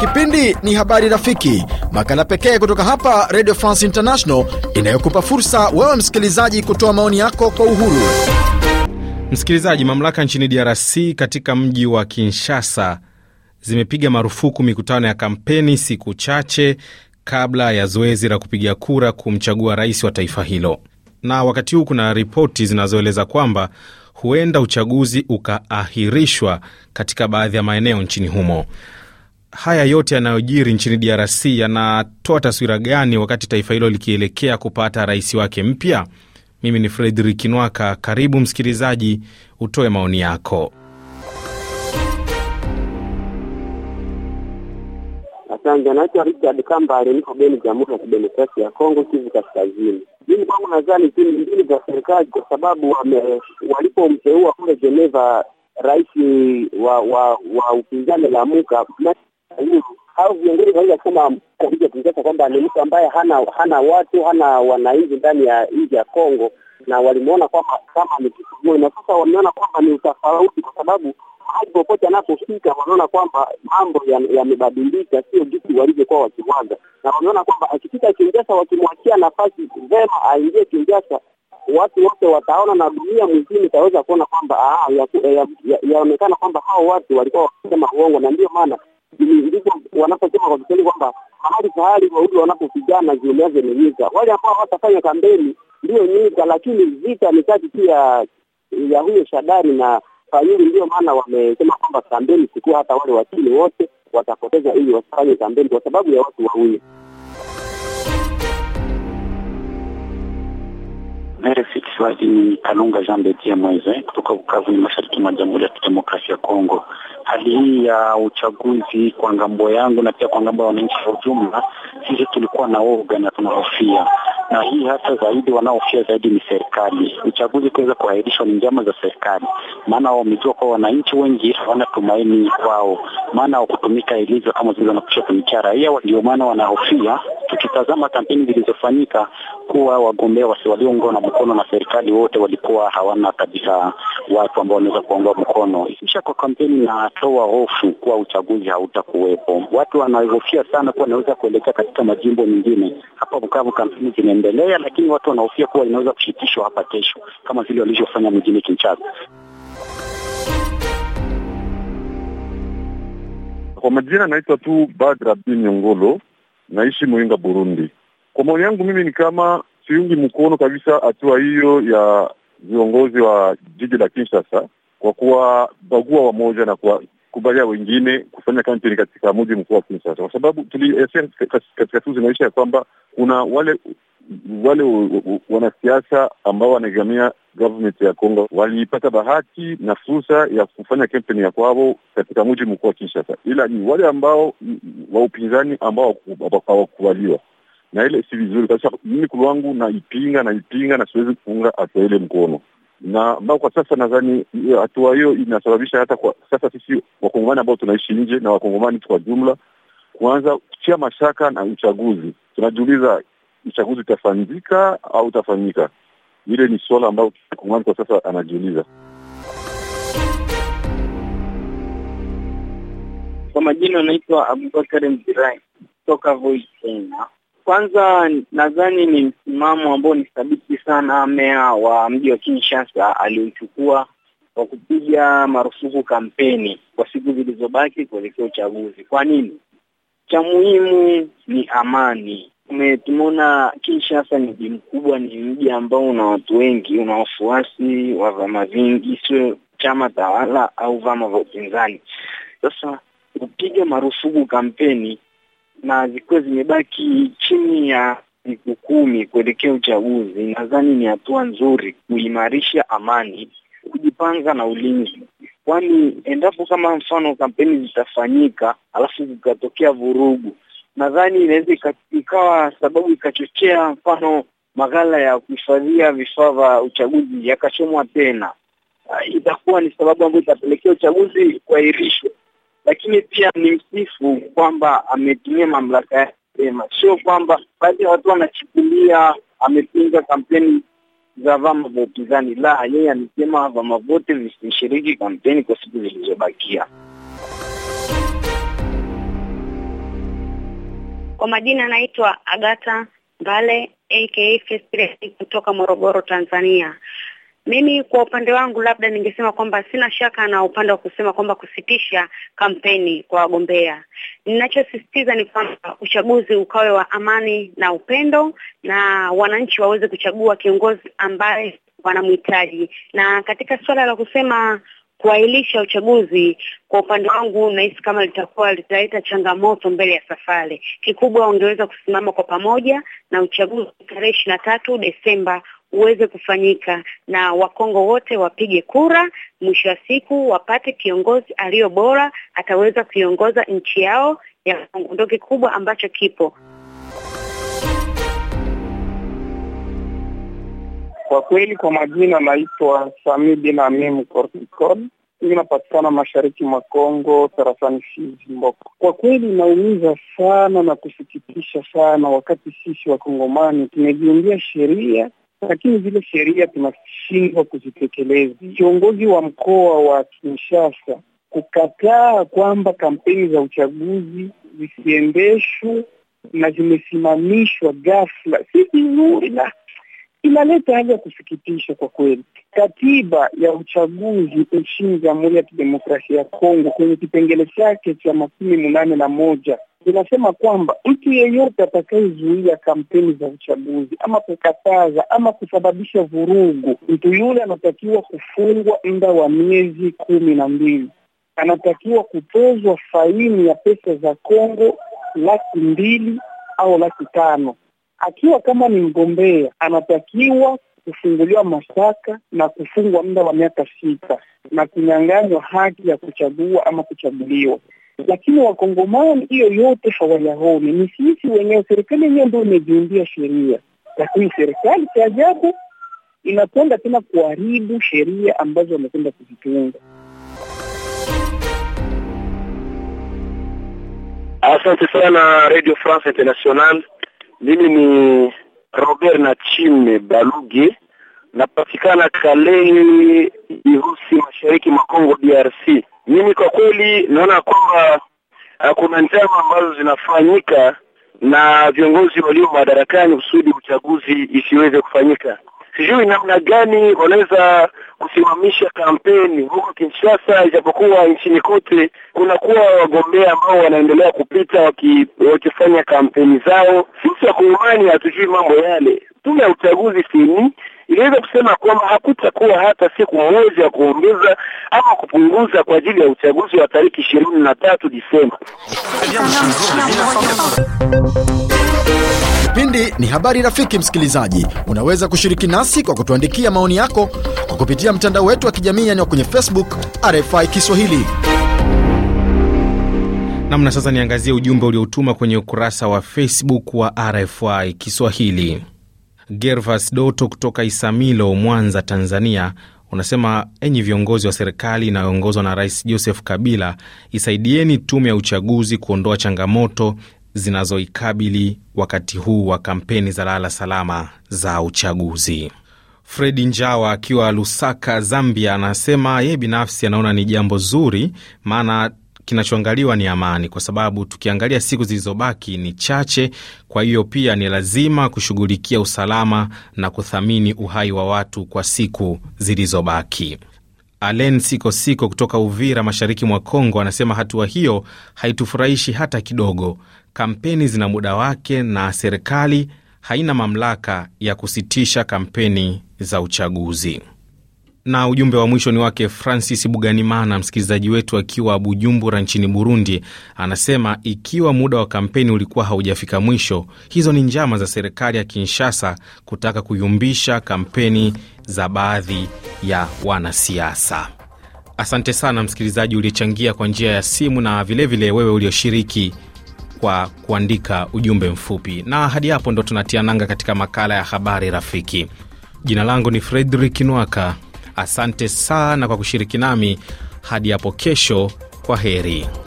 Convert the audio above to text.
Kipindi ni Habari Rafiki, makala pekee kutoka hapa Radio France International inayokupa fursa wewe msikilizaji kutoa maoni yako kwa uhuru. Msikilizaji, mamlaka nchini DRC katika mji wa Kinshasa zimepiga marufuku mikutano ya kampeni siku chache kabla ya zoezi la kupiga kura kumchagua rais wa taifa hilo, na wakati huu kuna ripoti zinazoeleza kwamba huenda uchaguzi ukaahirishwa katika baadhi ya maeneo nchini humo. Haya yote yanayojiri nchini DRC yanatoa taswira gani wakati taifa hilo likielekea kupata rais wake mpya? Mimi ni Fredrik Nwaka, karibu msikilizaji, utoe maoni yako. Masanja, naitwa Richard Kambale, niko Beni, Jamhuri ya Kidemokrasia ya Kongo, Kivu Kaskazini. Mimi kwangu nadhani timu mbili za serikali, kwa sababu walipomteua kule Geneva rais wa wa, wa upinzani Lamuka hao viongozi wanaweza kusema kupiga kinjasa kwamba ni mtu ambaye hana hana watu hana wananchi ndani ya nchi ya Kongo, na walimuona kwamba kama ni kitu na sasa wameona kwamba ni utofauti, kwa sababu hadi popote anapofika wanaona kwamba mambo yamebadilika, sio jinsi walivyokuwa wakiwaza, na wameona kwamba akifika Kinshasa wakimwachia nafasi vema aingie Kinshasa, watu wote wataona na dunia mzima itaweza kuona kwamba ah, yaonekana kwamba hao watu walikuwa wakisema uongo, na ndio maana ndivyo wanaposema kwa Kiswahili kwamba mahali fahali wawili wanapopigana ziuliaze ni nyika. Wale ambao hawatafanya kampeni ndiyo nyika, lakini vita ni kati pia ya huyo shadari na kwa hiyo ndio maana wamesema kwamba kambeni siku hata wale wachini wote watapoteza ili wasifanye kambeni kwa sababu ya watu wawili. RFI Kiswahili ni Kalunga Jean de Mweze kutoka Bukavu ni mashariki mwa Jamhuri ya Kidemokrasia ya Kongo. Hali hii ya uchaguzi kwa ngambo yangu na pia kwa ngambo ya wananchi kwa ujumla, sisi tulikuwa na woga na tunahofia na hii hasa zaidi wanaofia zaidi ni serikali. Uchaguzi kuweza kuahirishwa ni njama za serikali, maana wamejua kwa wananchi wengi hawana tumaini kwao, maana wakutumika ilivyo kama zile wanakusha kumicha raia, ndio maana wanahofia. Tukitazama kampeni zilizofanyika, kuwa wagombea walioungwa na mkono na serikali wote walikuwa hawana kabisa watu ambao wanaweza kuwaunga mkono. Kisha kwa kampeni inatoa hofu kuwa uchaguzi hautakuwepo. Watu wanahofia sana kuwa inaweza kuelekea katika majimbo mengine. Hapa Bukavu kampeni zinaendelea, lakini watu wanahofia kuwa inaweza kushitishwa hapa kesho kama vile walivyofanya mjini Kinshasa. Kwa majina naitwa tu Badra Bin Nyongolo, naishi Muinga, Burundi. Kwa maoni yangu mimi ni kama siungi mkono kabisa hatua hiyo ya viongozi wa jiji la Kinshasa kwa kuwabagua wamoja na kuwakubalia wengine kufanya kampeni katika mji mkuu wa Kinshasa, kwa sababu tuliasia katika siku zinaisha ya kwamba kuna wale wale wanasiasa ambao wanaegamia government ya congo walipata bahati na fursa ya kufanya kampeni ya kwao katika mji mkuu wa Kinshasa, ila ni wale ambao wa upinzani ambao hawakubaliwa na ile si vizuri kabisa. Mimi kwangu naipinga, naipinga na siwezi kuunga hata ile mkono, na mbao kwa sasa nadhani eh, hatua hiyo inasababisha hata kwa sasa sisi wakongomani ambao tunaishi nje na wakongomani kwa jumla kuanza kuchia mashaka na uchaguzi. Tunajiuliza, uchaguzi utafanyika au utafanyika? Ile ni swala ambayo wakongomani kwa sasa anajiuliza. Kwa majina anaitwa Abubakari Mzirai kutoka Voi, Kenya. Kwanza nadhani ni msimamo ambao ni thabiti sana meya wa mji wa Kinshasa aliochukua kwa kupiga marufuku kampeni kwa siku zilizobaki kuelekea uchaguzi. Kwa nini? Cha muhimu ni amani. Tumeona Kinshasa ni mji mkubwa, ni mji ambao una watu wengi, una wafuasi wa vyama vingi, sio chama tawala au vyama vya upinzani. Sasa kupiga marufuku kampeni na zikiwa zimebaki chini ya siku kumi kuelekea uchaguzi, nadhani ni hatua nzuri kuimarisha amani, kujipanga na ulinzi, kwani endapo kama mfano kampeni zitafanyika alafu zikatokea vurugu, nadhani inaweza ikawa sababu ikachochea mfano maghala ya kuhifadhia vifaa vya uchaguzi yakachomwa tena. Uh, itakuwa ni sababu ambayo itapelekea uchaguzi kuahirishwa lakini pia ni msifu kwamba ametumia mamlaka yake vema, sio kwamba baadhi ya watu wanachukulia amepinga kampeni za vama vya upinzani. La, yeye amesema vama vyote visishiriki kampeni kwa siku zilizobakia. Kwa majina anaitwa Agata Mbale aka kutoka Morogoro, Tanzania. Mimi kwa upande wangu, labda ningesema kwamba sina shaka na upande wa kusema kwamba kusitisha kampeni kwa wagombea. Ninachosisitiza ni kwamba uchaguzi ukawe wa amani na upendo, na wananchi waweze kuchagua kiongozi ambaye wanamhitaji. Na katika suala la kusema kuahirisha uchaguzi, kwa upande wangu nahisi kama litakuwa litaleta changamoto mbele ya safari. Kikubwa ungeweza kusimama kwa pamoja na uchaguzi tarehe ishirini na tatu Desemba uweze kufanyika na Wakongo wote wapige kura, mwisho wa siku wapate kiongozi aliyo bora, ataweza kuiongoza nchi yao ya ndo kikubwa ambacho kipo kwa kweli. Kwa majina naitwa Sami bin Amim Kornikon, inapatikana mashariki mwa Kongo tarafani Fizi Mboko. Kwa kweli inaumiza sana na kusikitisha sana, wakati sisi wakongomani tumejiundia sheria lakini zile sheria tunashindwa kuzitekeleza. Kiongozi wa mkoa wa Kinshasa kukataa kwamba kampeni za uchaguzi zisiendeshwe na zimesimamishwa ghafla, si vizuri na inaleta hali ya kusikitisha kwa kweli. Katiba ya uchaguzi nchini Jamhuri ya Kidemokrasia ya Kongo kwenye kipengele chake cha makumi munane na moja inasema kwamba mtu yeyote atakayezuia kampeni za uchaguzi ama kukataza ama kusababisha vurugu, mtu yule anatakiwa kufungwa muda wa miezi kumi na mbili, anatakiwa kutozwa faini ya pesa za Kongo laki mbili au laki tano. Akiwa kama ni mgombea, anatakiwa kufunguliwa mashtaka na kufungwa muda wa miaka sita na kunyang'anywa haki ya kuchagua ama kuchaguliwa lakini wakongomani hiyo yote hawayaone, ni sisi wenyewe. Serikali yenyewe ndio imejiundia sheria, lakini serikali cha ajabu inakwenda tena kuharibu sheria ambazo wamekwenda kuzitunga. Asante sana Radio France International. Mimi ni Robert Nachime Baluge napatikana Kalehe Jihusi, mashariki mwa Kongo DRC. Mimi kwa kweli naona kwamba ah, kuna njama ambazo zinafanyika na viongozi walio madarakani kusudi uchaguzi isiweze kufanyika. Sijui namna gani wanaweza kusimamisha kampeni huko Kinshasa, ijapokuwa nchini kote kunakuwa wagombea ambao wanaendelea kupita waki, wakifanya kampeni zao. Sisi wa kuumani hatujui mambo yale. Tume ya uchaguzi sini iliweza kusema kwamba hakutakuwa hata siku moja ya kuongeza ama kupunguza kwa ajili ya uchaguzi wa tariki ishirini na tatu Disemba. Kipindi ni habari. Rafiki msikilizaji, unaweza kushiriki nasi kwa kutuandikia maoni yako kwa kupitia mtandao wetu wa kijamii yani kwenye Facebook RFI Kiswahili. Namna sasa, niangazie ujumbe ulioutuma kwenye ukurasa wa Facebook wa RFI Kiswahili. Gervas Doto kutoka Isamilo, Mwanza, Tanzania, unasema enyi viongozi wa serikali inayoongozwa na Rais Joseph Kabila, isaidieni tume ya uchaguzi kuondoa changamoto zinazoikabili wakati huu wa kampeni za lala salama za uchaguzi. Fredi Njawa akiwa Lusaka, Zambia, anasema yeye binafsi anaona ni jambo zuri, maana kinachoangaliwa ni amani, kwa sababu tukiangalia siku zilizobaki ni chache. Kwa hiyo pia ni lazima kushughulikia usalama na kuthamini uhai wa watu kwa siku zilizobaki. Alen Siko Siko kutoka Uvira, mashariki mwa Kongo, anasema hatua hiyo haitufurahishi hata kidogo. Kampeni zina muda wake na serikali haina mamlaka ya kusitisha kampeni za uchaguzi. Na ujumbe wa mwisho ni wake Francis Buganimana, msikilizaji wetu akiwa Bujumbura nchini Burundi. Anasema ikiwa muda wa kampeni ulikuwa haujafika mwisho, hizo ni njama za serikali ya Kinshasa kutaka kuyumbisha kampeni za baadhi ya wanasiasa. Asante sana msikilizaji uliyechangia kwa njia ya simu na vilevile vile wewe ulioshiriki kwa kuandika ujumbe mfupi. Na hadi hapo ndo tunatia nanga katika makala ya habari rafiki. Jina langu ni Fredrik Nwaka. Asante sana kwa kushiriki nami hadi hapo kesho. Kwa heri.